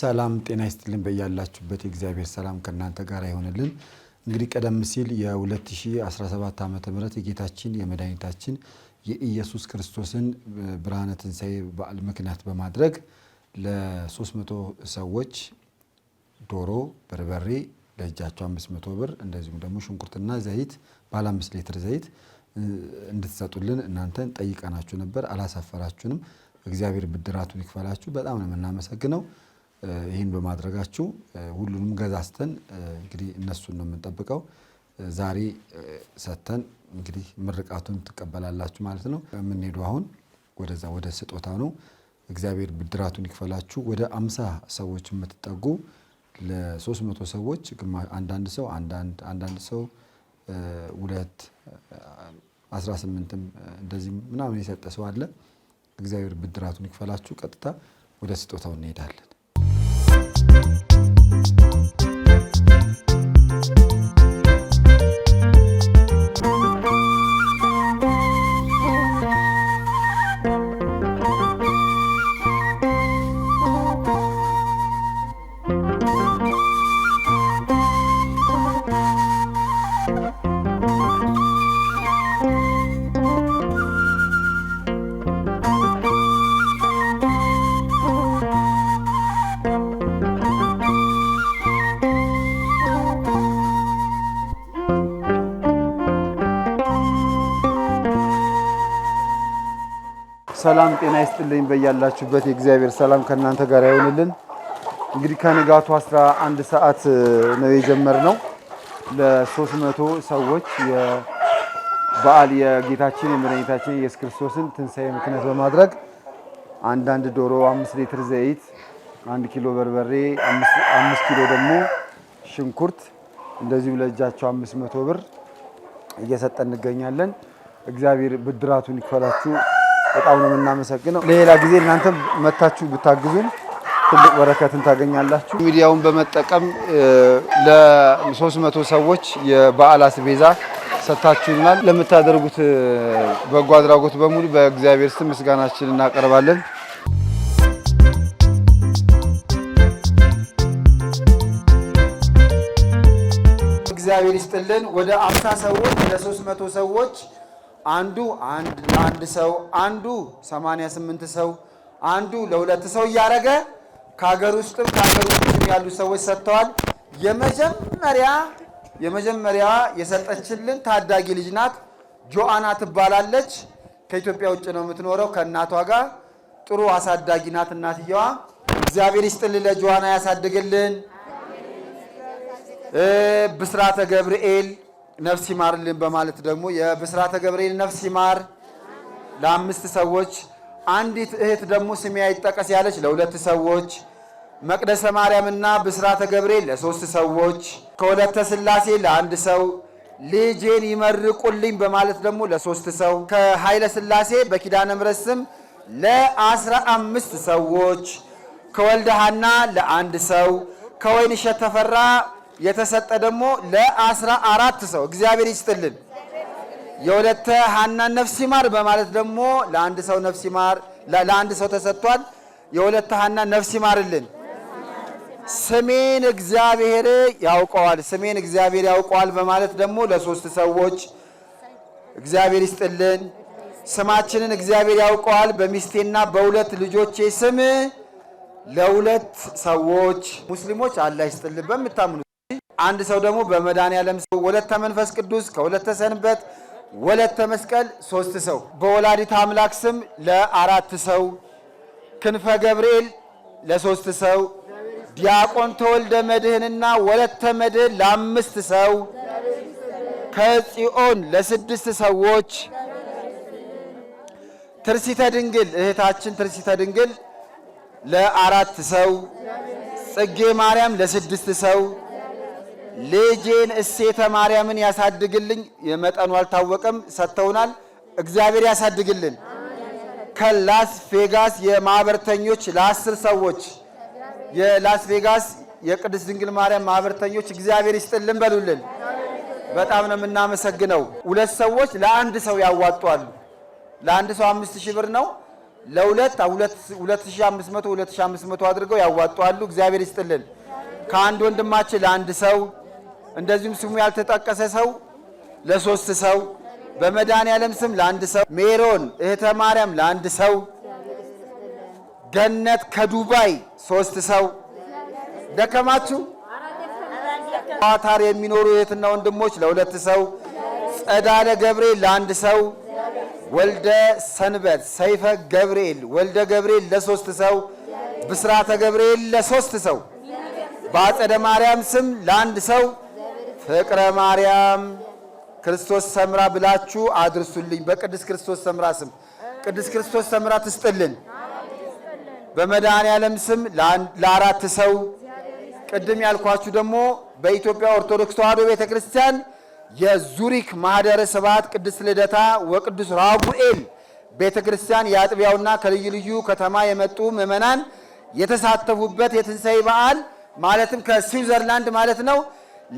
ሰላም ጤና ይስጥልን። በያላችሁበት የእግዚአብሔር ሰላም ከእናንተ ጋር ይሆንልን። እንግዲህ ቀደም ሲል የ2017 ዓ ም የጌታችን የመድኃኒታችን የኢየሱስ ክርስቶስን ብርሃነ ትንሣኤ በዓል ምክንያት በማድረግ ለ300 ሰዎች ዶሮ፣ በርበሬ ለእጃቸው 500 ብር እንደዚሁም ደግሞ ሽንኩርትና ዘይት ባለ አምስት ሊትር ዘይት እንድትሰጡልን እናንተን ጠይቀናችሁ ነበር። አላሳፈራችሁንም። እግዚአብሔር ብድራቱን ይክፈላችሁ። በጣም ነው የምናመሰግነው። ይህን በማድረጋችሁ ሁሉንም ገዛዝተን እንግዲህ እነሱን ነው የምንጠብቀው። ዛሬ ሰጥተን እንግዲህ ምርቃቱን ትቀበላላችሁ ማለት ነው። የምንሄደው አሁን ወደዛ ወደ ስጦታ ነው። እግዚአብሔር ብድራቱን ይክፈላችሁ። ወደ አምሳ ሰዎች የምትጠጉ ለሶስት መቶ ሰዎች አንዳንድ ሰው አንዳንድ ሰው ሁለት አስራ ስምንትም እንደዚህ ምናምን የሰጠ ሰው አለ። እግዚአብሔር ብድራቱን ይክፈላችሁ። ቀጥታ ወደ ስጦታው እንሄዳለን። できた ሰላም ጤና ይስጥልኝ። በያላችሁበት የእግዚአብሔር ሰላም ከእናንተ ጋር ይሆንልን። እንግዲህ ከንጋቱ 11 ሰዓት ነው የጀመርነው። ለ300 ሰዎች የበዓል የጌታችን የመድኃኒታችን የኢየሱስ ክርስቶስን ትንሣኤ ምክንያት በማድረግ አንዳንድ ዶሮ፣ 5 ሊትር ዘይት፣ 1 ኪሎ በርበሬ፣ 5 ኪሎ ደግሞ ሽንኩርት እንደዚሁም ለእጃቸው 500 ብር እየሰጠን እንገኛለን። እግዚአብሔር ብድራቱን ይክፈላችሁ። በጣም ነው የምናመሰግነው። ለሌላ ጊዜ እናንተም መታችሁ ብታግዙን ትልቅ በረከትን ታገኛላችሁ። ሚዲያውን በመጠቀም ለሶስት መቶ ሰዎች የበዓል አስቤዛ ሰጥታችሁናል። ለምታደርጉት በጎ አድራጎት በሙሉ በእግዚአብሔር ስም ምስጋናችን እናቀርባለን። እግዚአብሔር ይስጥልን። ወደ አምሳ ሰዎች ወደ 300 ሰዎች አንዱ ለአንድ ሰው፣ አንዱ 88 ሰው፣ አንዱ ለሁለት ሰው እያደረገ ከሀገር ውስጥም ከሀገር ውጭም ያሉ ሰዎች ሰጥተዋል። የመጀመሪያ የመጀመሪያ የሰጠችልን ታዳጊ ልጅ ናት። ጆአና ትባላለች። ከኢትዮጵያ ውጭ ነው የምትኖረው ከእናቷ ጋር። ጥሩ አሳዳጊ ናት እናትየዋ። እግዚአብሔር ይስጥል ለጆአና ያሳድግልን። ብስራተ ገብርኤል ነፍስ ይማርልን በማለት ደግሞ የብስራተ ገብርኤል ነፍስ ይማር ለአምስት ሰዎች፣ አንዲት እህት ደግሞ ስሜ አይጠቀስ ያለች ለሁለት ሰዎች፣ መቅደሰ ማርያምና ብስራተ ገብርኤል ለሶስት ሰዎች፣ ከሁለተ ስላሴ ለአንድ ሰው ልጄን ይመርቁልኝ በማለት ደግሞ ለሶስት ሰው ከኃይለ ስላሴ በኪዳነ ምሕረት ስም ለአስራ አምስት ሰዎች ከወልደ ለአንድ ሰው እሸት ተፈራ የተሰጠ ደግሞ ለአስራ አራት ሰው እግዚአብሔር ይስጥልን። የሁለተ ሀናን ነፍስ ይማር በማለት ደግሞ ለአንድ ሰው ነፍስ ይማር ለአንድ ሰው ተሰጥቷል። የሁለተ ሀናን ነፍስ ይማርልን። ስሜን እግዚአብሔር ያውቀዋል፣ ስሜን እግዚአብሔር ያውቀዋል በማለት ደግሞ ለሶስት ሰዎች እግዚአብሔር ይስጥልን። ስማችንን እግዚአብሔር ያውቀዋል በሚስቴና በሁለት ልጆቼ ስም ለሁለት ሰዎች ሙስሊሞች አላህ ይስጥልን በምታምኑ አንድ ሰው ደግሞ በመድኃኔዓለም ወለተ መንፈስ ቅዱስ ከወለተ ሰንበት ወለተ መስቀል ሶስት ሰው በወላዲት አምላክ ስም ለአራት ሰው ክንፈ ገብርኤል ለሶስት ሰው ዲያቆን ተወልደ መድህንና ወለተ መድህን ለአምስት ሰው ከጽዮን ለስድስት ሰዎች ትርሲተ ድንግል እህታችን ትርሲተ ድንግል ለአራት ሰው ጽጌ ማርያም ለስድስት ሰው ልጄን እሴተ ማርያምን ያሳድግልኝ። የመጠኑ አልታወቀም፣ ሰጥተውናል። እግዚአብሔር ያሳድግልን። ከላስ ቬጋስ የማህበርተኞች ለአስር ሰዎች የላስ ቬጋስ የቅድስት ድንግል ማርያም ማህበርተኞች እግዚአብሔር ይስጥልን በሉልን። በጣም ነው የምናመሰግነው። ሁለት ሰዎች ለአንድ ሰው ያዋጧሉ። ለአንድ ሰው አምስት ሺህ ብር ነው። ለሁለት ሁለት ሺህ አምስት መቶ ሁለት ሺህ አምስት መቶ አድርገው ያዋጧሉ። እግዚአብሔር ይስጥልን። ከአንድ ወንድማችን ለአንድ ሰው እንደዚሁም ስሙ ያልተጠቀሰ ሰው ለሶስት ሰው በመድኃኔዓለም ስም ለአንድ ሰው፣ ሜሮን እህተ ማርያም ለአንድ ሰው፣ ገነት ከዱባይ ሶስት ሰው። ደከማችሁ። ቃታር የሚኖሩ እህትና ወንድሞች ለሁለት ሰው፣ ጸዳለ ገብርኤል ለአንድ ሰው፣ ወልደ ሰንበት ሰይፈ ገብርኤል ወልደ ገብርኤል ለሶስት ሰው፣ ብስራተ ገብርኤል ለሶስት ሰው፣ በአጸደ ማርያም ስም ለአንድ ሰው ፍቅረ ማርያም ክርስቶስ ሰምራ ብላችሁ አድርሱልኝ። በቅዱስ ክርስቶስ ሰምራ ስም ቅዱስ ክርስቶስ ሰምራ ትስጥልን። በመድኃኔ ያለም ስም ለአራት ሰው ቅድም ያልኳችሁ ደግሞ በኢትዮጵያ ኦርቶዶክስ ተዋሕዶ ቤተ ክርስቲያን የዙሪክ ማህደረ ስብሐት ቅድስት ልደታ ወቅዱስ ራጉኤል ቤተ ክርስቲያን የአጥቢያውና ከልዩ ልዩ ከተማ የመጡ ምዕመናን የተሳተፉበት የትንሣኤ በዓል ማለትም ከስዊዘርላንድ ማለት ነው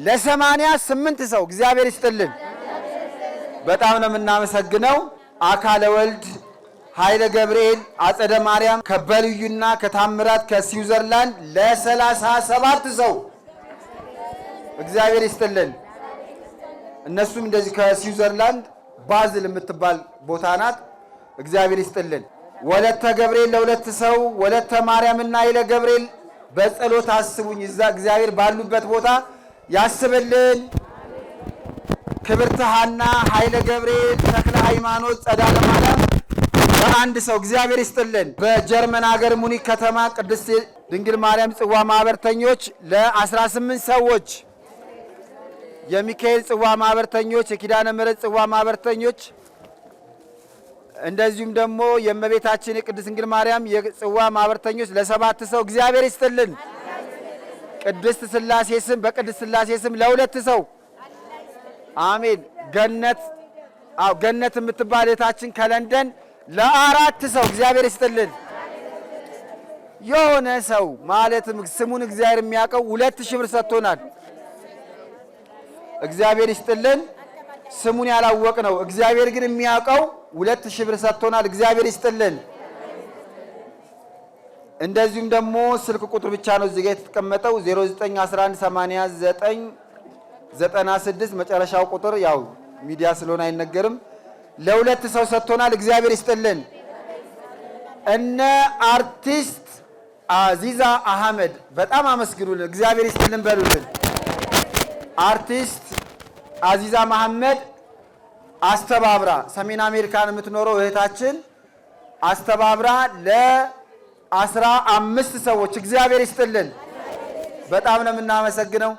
ለሰማንያ ስምንት ሰው እግዚአብሔር ይስጥልን። በጣም ነው የምናመሰግነው። አካለ ወልድ ኃይለ ገብርኤል አጸደ ማርያም ከበልዩና ከታምራት ከስዊዘርላንድ ለሰላሳ ሰባት ሰው እግዚአብሔር ይስጥልን። እነሱም እንደዚህ ከስዊዘርላንድ ባዝል የምትባል ቦታ ናት። እግዚአብሔር ይስጥልን። ወለተ ገብርኤል ለሁለት ሰው ወለተ ማርያምና ኃይለ ገብርኤል በጸሎት አስቡኝ። እዛ እግዚአብሔር ባሉበት ቦታ ያስብልን። ክብርት ሐና ኃይለ ገብርኤል ተክለ ሃይማኖት ጸዳለ ማርያም በአንድ ሰው እግዚአብሔር ይስጥልን። በጀርመን ሀገር ሙኒክ ከተማ ቅድስት ድንግል ማርያም ጽዋ ማህበርተኞች ለ18 ሰዎች የሚካኤል ጽዋ ማህበርተኞች፣ የኪዳነ ምሕረት ጽዋ ማህበርተኞች እንደዚሁም ደግሞ የእመቤታችን የቅድስት ድንግል ማርያም የጽዋ ማህበርተኞች ለሰባት ሰው እግዚአብሔር ይስጥልን። ቅድስት ስላሴ ስም በቅድስት ስላሴ ስም ለሁለት ሰው አሜን። ገነት አው ገነት የምትባል እህታችን ከለንደን ለአራት ሰው እግዚአብሔር ይስጥልን። የሆነ ሰው ማለትም ስሙን እግዚአብሔር የሚያውቀው ሁለት ሺህ ብር ሰጥቶናል። እግዚአብሔር ይስጥልን። ስሙን ያላወቅ ነው እግዚአብሔር ግን የሚያውቀው ሁለት ሺህ ብር ሰጥቶናል። እግዚአብሔር ይስጥልን። እንደዚሁም ደግሞ ስልክ ቁጥር ብቻ ነው እዚጋ የተቀመጠው 09118996 መጨረሻው ቁጥር ያው ሚዲያ ስለሆነ አይነገርም። ለሁለት ሰው ሰጥቶናል። እግዚአብሔር ይስጥልን። እነ አርቲስት አዚዛ አህመድ በጣም አመስግኑልን። እግዚአብሔር ይስጥልን በሉልን። አርቲስት አዚዛ መሐመድ አስተባብራ ሰሜን አሜሪካን የምትኖረው እህታችን አስተባብራ ለ አስራ አምስት ሰዎች እግዚአብሔር ይስጥልን። በጣም ነው የምናመሰግነው።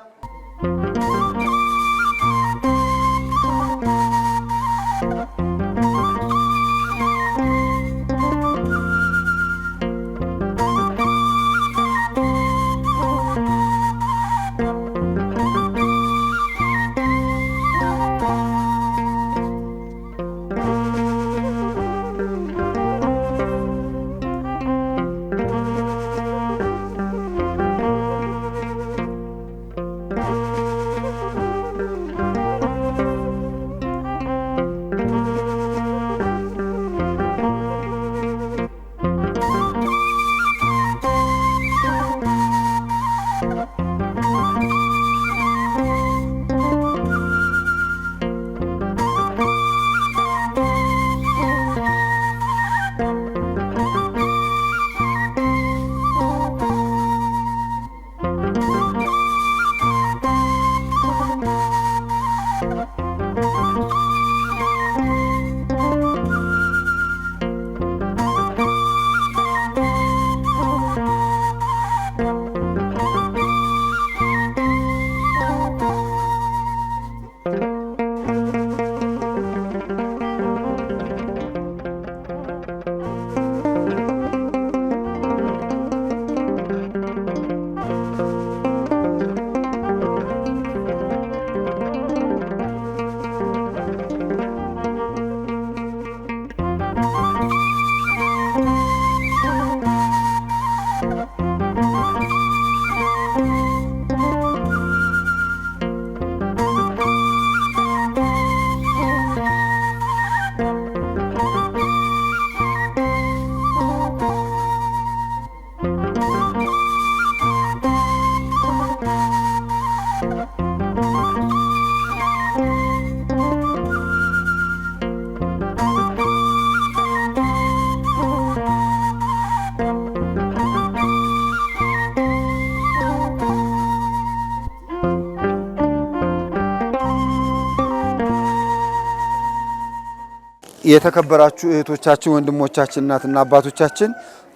የተከበራችሁ እህቶቻችን፣ ወንድሞቻችን፣ እናትና አባቶቻችን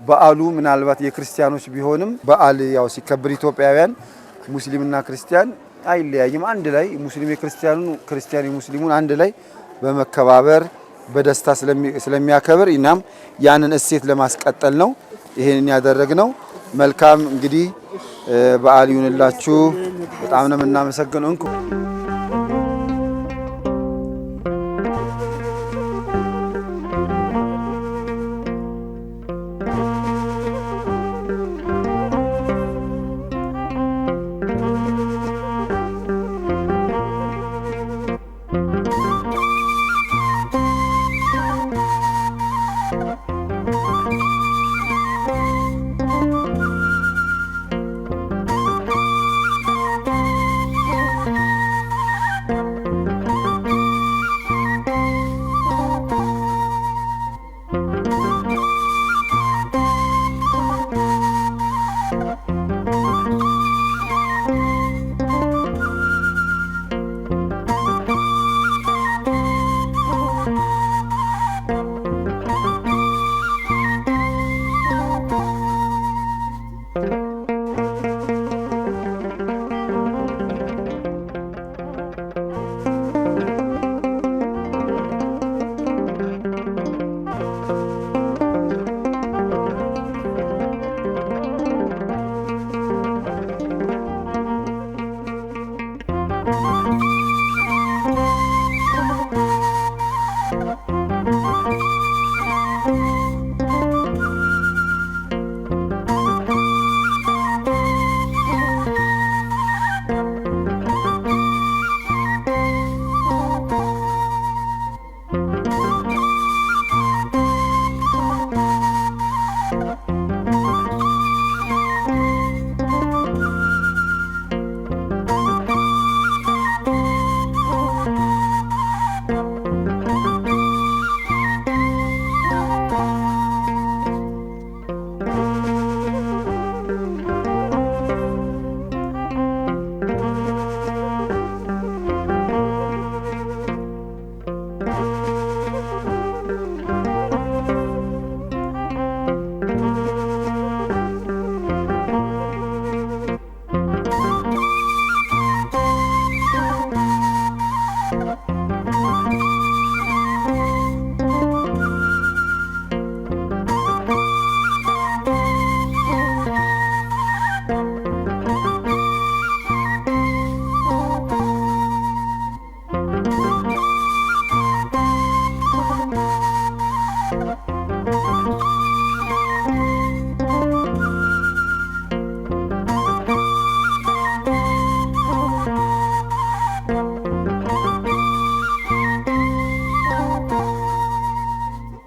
በዓሉ ምናልባት የክርስቲያኖች ቢሆንም በዓል ያው ሲከብር ኢትዮጵያውያን ሙስሊምና ክርስቲያን አይለያይም። አንድ ላይ ሙስሊም የክርስቲያኑ ክርስቲያን የሙስሊሙን አንድ ላይ በመከባበር በደስታ ስለሚያከብር እናም ያንን እሴት ለማስቀጠል ነው ይሄንን ነው። መልካም እንግዲህ በዓል ይሁንላችሁ። በጣም ነው የምናመሰግነው። እንኩ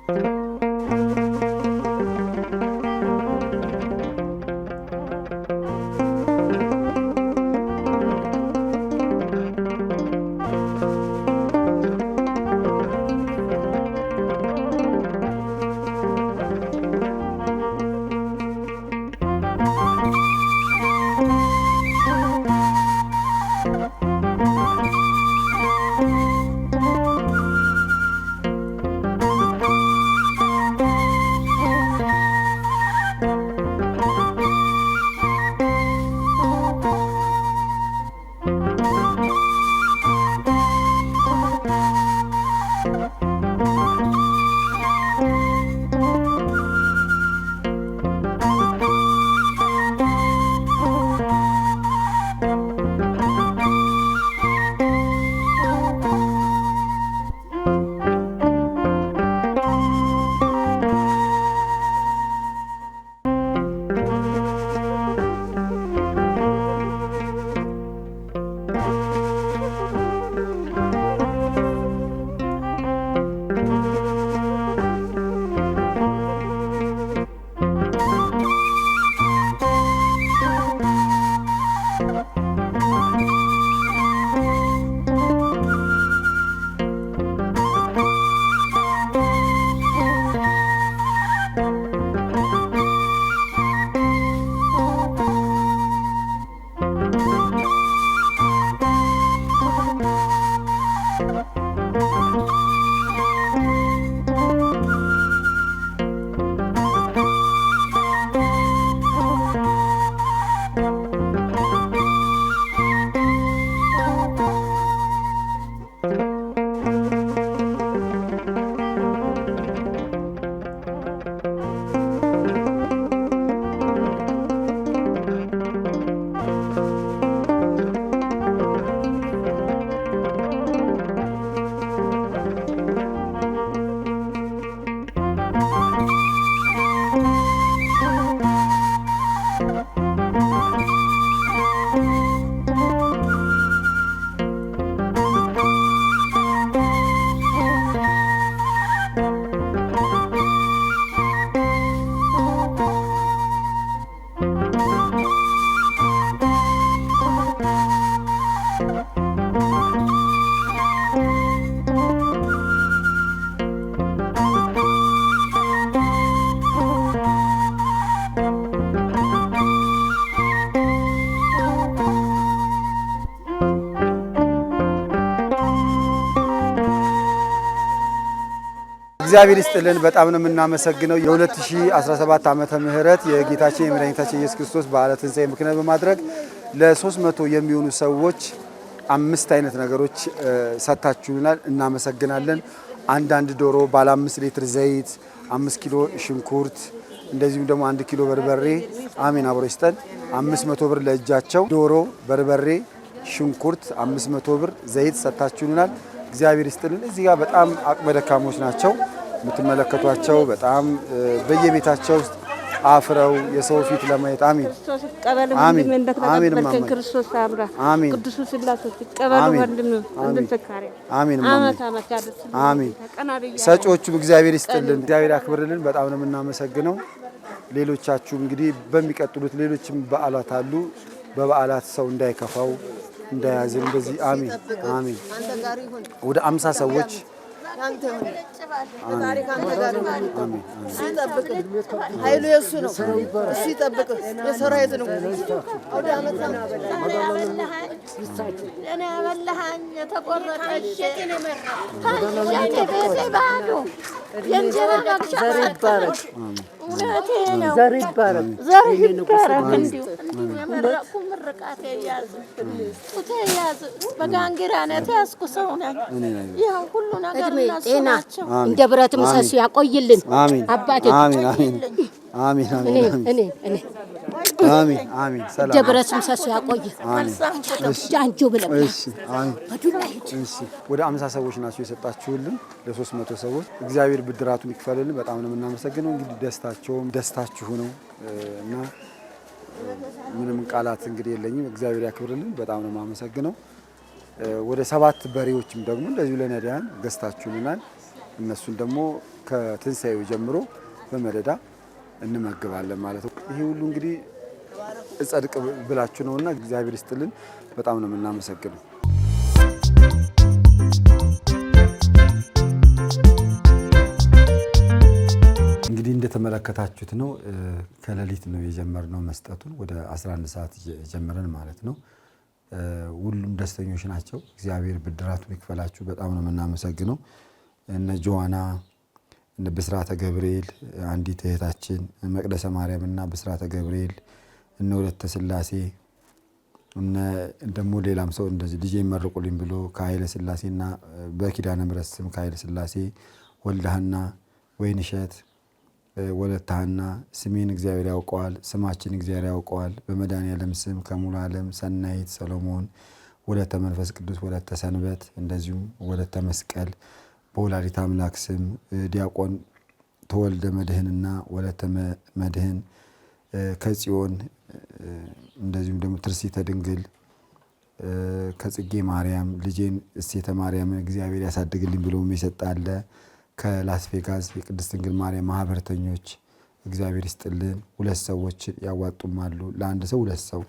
Thank you. እግዚአብሔር ይስጥልን። በጣም ነው የምናመሰግነው። የ2017 ዓመተ ምህረት የጌታችን የመድኃኒታችን ኢየሱስ ክርስቶስ በዓለ ትንሣኤ ምክንያት በማድረግ ለ300 የሚሆኑ ሰዎች አምስት አይነት ነገሮች ሰጥታችሁናል። እናመሰግናለን። አንዳንድ ዶሮ፣ ባለ አምስት ሊትር ዘይት፣ አምስት ኪሎ ሽንኩርት እንደዚሁም ደግሞ አንድ ኪሎ በርበሬ አሜን አብሮ ይስጠን። አምስት መቶ ብር ለእጃቸው ዶሮ፣ በርበሬ፣ ሽንኩርት አምስት መቶ ብር ዘይት ሰጥታችሁናል። እግዚአብሔር ይስጥልን። እዚህ ጋር በጣም አቅመ ደካሞች ናቸው። የምትመለከቷቸው በጣም በየቤታቸው ውስጥ አፍረው የሰው ፊት ለማየት አሚን አሚን። ሰጪዎቹም እግዚአብሔር ይስጥልን፣ እግዚአብሔር ያክብርልን። በጣም ነው የምናመሰግነው። ሌሎቻችሁ እንግዲህ በሚቀጥሉት ሌሎችም በዓላት አሉ። በበዓላት ሰው እንዳይከፋው እንዳያዝን በዚህ አሚን አሚን ወደ አምሳ ሰዎች ኃይሉ የእሱ ነው። እሱ ይጠብቅህ። የሰራዊት ንጉሥ አውደ ዓመት እኔ ያበላሃኝ የተቆረጠች ቤቴ ባዶ የእንጀራ መግዣ ዘር ይባረክ፣ ዘር ይባረክ። እንዲሁ የመረቁ ምርቃት የያዝ ጡት የያዝ በጋንጊራ ነው የተያዝኩ ሰው ነኝ። ይኸው ሁሉ ነገር እነሱ ናቸው። እንደ ብረትም ያቆይልን አባቴ። እንደ ብረትም ሰሱ ያቆይ ብለ ወደ አምሳ ሰዎች ናቸው የሰጣችሁልን፣ ለሶስት መቶ ሰዎች እግዚአብሔር ብድራቱን ይክፈልልን። በጣም ነው የምናመሰግነው። እንግዲህ ደስታቸውም ደስታችሁ ነው እና ምንም ቃላት እንግዲህ የለኝም። እግዚአብሔር ያክብርልን። በጣም ነው የማመሰግነው። ወደ ሰባት በሬዎችም ደግሞ እንደዚሁ ለነዳያን ገዝታችሁልናል። እነሱን ደግሞ ከትንሣኤው ጀምሮ በመደዳ እንመግባለን ማለት ነው። ይሄ ሁሉ እንግዲህ እጸድቅ ብላችሁ ነው እና እግዚአብሔር ይስጥልን። በጣም ነው የምናመሰግነው። እንግዲህ እንደተመለከታችሁት ነው። ከሌሊት ነው የጀመርነው መስጠቱን ወደ 11 ሰዓት ጀምረን ማለት ነው። ሁሉም ደስተኞች ናቸው። እግዚአብሔር ብድራቱን ይክፈላችሁ። በጣም ነው የምናመሰግነው። እነ ጆዋና እነ ብስራተ ገብርኤል አንዲት እህታችን መቅደሰ ማርያም እና ብስራተ ገብርኤል እነ ሁለተ ስላሴ ደግሞ ሌላም ሰው እንደዚህ ልጄ ይመርቁልኝ ብሎ ከኃይለ ስላሴና በኪዳነ ምሕረት ስም ከኃይለ ስላሴ ወልደሃና ወይንሸት ወለታህና ስሜን እግዚአብሔር ያውቀዋል፣ ስማችን እግዚአብሔር ያውቀዋል። ያለም ስም ከሙሉ ዓለም ሰናይት ሰሎሞን ወለተ መንፈስ ቅዱስ ወለተ ሰንበት እንደዚሁም ወለተ መስቀል በወላዲት አምላክ ስም ዲያቆን ተወልደ መድህንና ወለተ መድህን ከጽዮን እንደዚሁም ደግሞ ትርሲተ ድንግል ከጽጌ ማርያም ልጄን እሴተ ማርያምን እግዚአብሔር ያሳድግልኝ ብሎ የሰጣለ ከላስ ቬጋስ የቅድስት ድንግል ማርያም ማህበረተኞች እግዚአብሔር ይስጥልን። ሁለት ሰዎች ያዋጡማሉ፣ ለአንድ ሰው ሁለት ሰው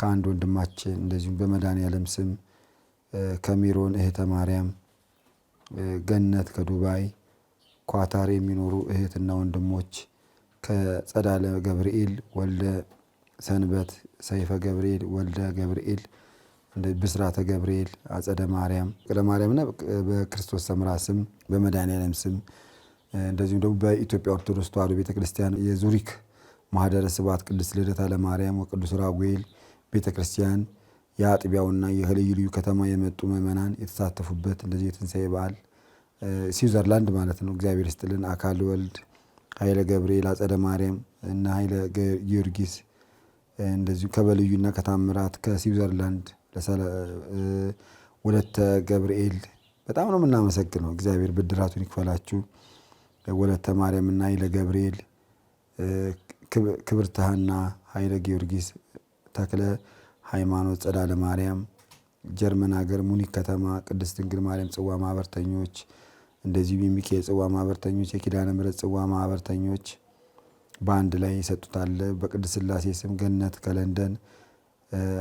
ከአንድ ወንድማችን እንደዚሁም በመድኃኔ ዓለም ስም ከሚሮን እህተ ማርያም ገነት ከዱባይ ኳታር የሚኖሩ እህትና ወንድሞች ከጸዳለ ገብርኤል ወልደ ሰንበት፣ ሰይፈ ገብርኤል ወልደ ገብርኤል፣ ብስራተ ገብርኤል፣ አጸደ ማርያም ቅደ ማርያምና በክርስቶስ ሰምራ ስም በመድኃኔዓለም ስም እንደዚሁም ደግሞ በኢትዮጵያ ኦርቶዶክስ ተዋሕዶ ቤተክርስቲያን የዙሪክ ማህደረ ስብሐት ቅድስት ልደታ ለማርያም ወቅዱስ ራጉኤል ቤተክርስቲያን። የአጥቢያውና ከልዩ ልዩ ከተማ የመጡ ምእመናን የተሳተፉበት እንደዚህ የትንሣኤ በዓል ስዊዘርላንድ ማለት ነው። እግዚአብሔር ስጥልን አካል ወልድ፣ ኃይለ ገብርኤል፣ አጸደ ማርያም እና ኃይለ ጊዮርጊስ እንደዚሁ ከበልዩና ከታምራት ከስዊዘርላንድ ወለተ ገብርኤል በጣም ነው የምናመሰግነው። እግዚአብሔር ብድራቱን ይክፈላችሁ። ወለተ ማርያምና ኃይለ ገብርኤል፣ ክብርትህና ኃይለ ጊዮርጊስ ተክለ ሃይማኖት ጸዳለ ማርያም፣ ጀርመን ሀገር ሙኒክ ከተማ ቅድስት ድንግል ማርያም ጽዋ ማህበርተኞች፣ እንደዚሁም የሚካኤል የጽዋ ማህበርተኞች፣ የኪዳነ ምሕረት ጽዋ ማህበርተኞች በአንድ ላይ ይሰጡታል። በቅድስት ስላሴ ስም ገነት ከለንደን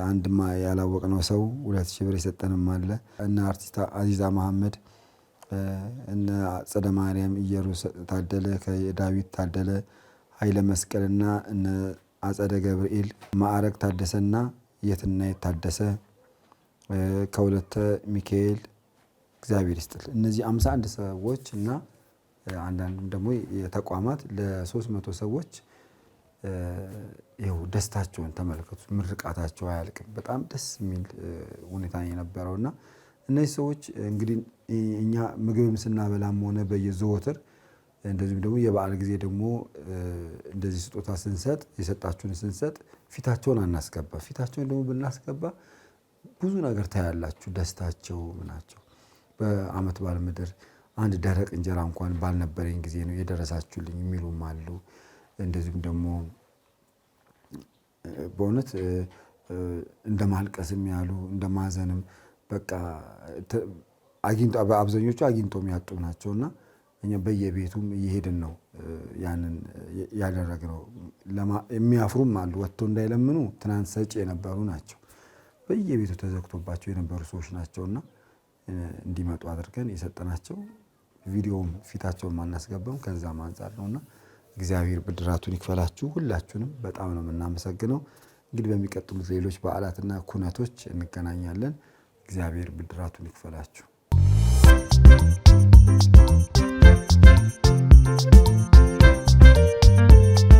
አንድማ ያላወቅነው ሰው ሁለት ሺህ ብር የሰጠንም አለ። እነ አርቲስት አዚዛ መሐመድ እነ ጸደ ማርያም እየሩስ ታደለ ከዳዊት ታደለ ኃይለ መስቀልና እነ አጸደ ገብርኤል ማዕረግ ታደሰና የትና የታደሰ ከሁለተ ሚካኤል እግዚአብሔር ይስጥል። እነዚህ አምሳ አንድ ሰዎች እና አንዳንዱም ደግሞ የተቋማት ለሶስት መቶ ሰዎች ይኸው ደስታቸውን ተመልከቱ። ምርቃታቸው አያልቅም። በጣም ደስ የሚል ሁኔታ የነበረው እና እነዚህ ሰዎች እንግዲህ እኛ ምግብም ስናበላም ሆነ በየዘወትር እንደዚሁም ደግሞ የበዓል ጊዜ ደግሞ እንደዚህ ስጦታ ስንሰጥ የሰጣችሁን ስንሰጥ ፊታቸውን አናስገባ። ፊታቸውን ደግሞ ብናስገባ ብዙ ነገር ታያላችሁ። ደስታቸው ምናቸው። በአመት በዓል ምድር አንድ ደረቅ እንጀራ እንኳን ባልነበረኝ ጊዜ ነው የደረሳችሁልኝ የሚሉም አሉ። እንደዚሁም ደግሞ በእውነት እንደ ማልቀስም ያሉ እንደ ማዘንም በቃ አግኝቶ በአብዛኞቹ የሚያጡ ያጡ ናቸውና እኛ በየቤቱም እየሄድን ነው ያንን ያደረግነው። የሚያፍሩም አሉ ወጥቶ እንዳይለምኑ ትናንት ሰጪ የነበሩ ናቸው በየቤቱ ተዘግቶባቸው የነበሩ ሰዎች ናቸውና እንዲመጡ አድርገን የሰጠናቸው ቪዲዮም ፊታቸውን አናስገባም። ከዛም አንጻር ነውና እግዚአብሔር ብድራቱን ይክፈላችሁ። ሁላችሁንም በጣም ነው የምናመሰግነው። እንግዲህ በሚቀጥሉት ሌሎች በዓላትና ኩነቶች እንገናኛለን። እግዚአብሔር ብድራቱን ይክፈላችሁ። Thank you.